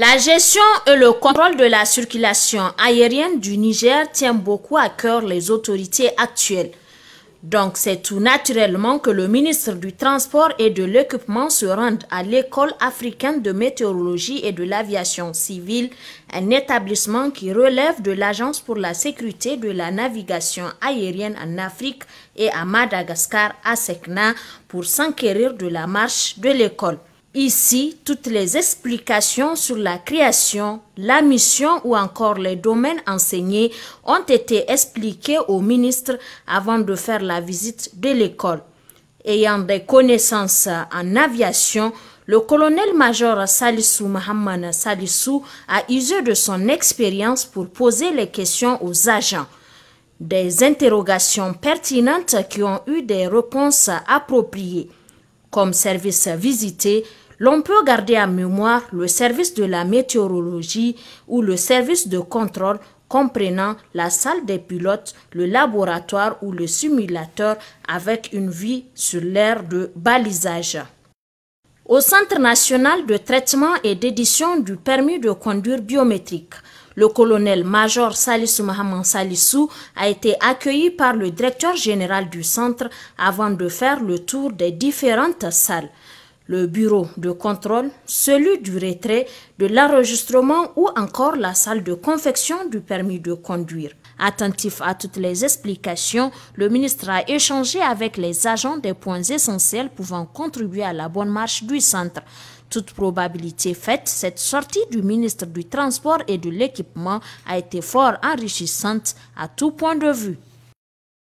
La gestion et le contrôle de la circulation aérienne du Niger tient beaucoup à cœur les autorités actuelles. Donc c'est tout naturellement que le ministre du Transport et de l'Équipement se rende à l'École africaine de météorologie et de l'aviation civile, un établissement qui relève de l'Agence pour la sécurité de la navigation aérienne en Afrique et à Madagascar, à Sekna, pour s'enquérir de la marche de l'école. Ici, toutes les explications sur la création, la mission ou encore les domaines enseignés ont été expliquées au ministre avant de faire la visite de l'école. Ayant des connaissances en aviation, le colonel-major Salissou Mohamed Salissou a usé de son expérience pour poser les questions aux agents des interrogations pertinentes qui ont eu des réponses appropriées comme service visité, l'on peut garder à mémoire le service de la météorologie ou le service de contrôle comprenant la salle des pilotes, le laboratoire ou le simulateur avec une vue sur l'air de balisage. Au Centre national de traitement et d'édition du permis de conduire biométrique, le colonel-major Salissou Mahaman Salissou a été accueilli par le directeur général du centre avant de faire le tour des différentes salles le bureau de contrôle, celui du retrait, de l'enregistrement ou encore la salle de confection du permis de conduire. Attentif à toutes les explications, le ministre a échangé avec les agents des points essentiels pouvant contribuer à la bonne marche du centre. Toute probabilité faite, cette sortie du ministre du Transport et de l'Équipement a été fort enrichissante à tout point de vue.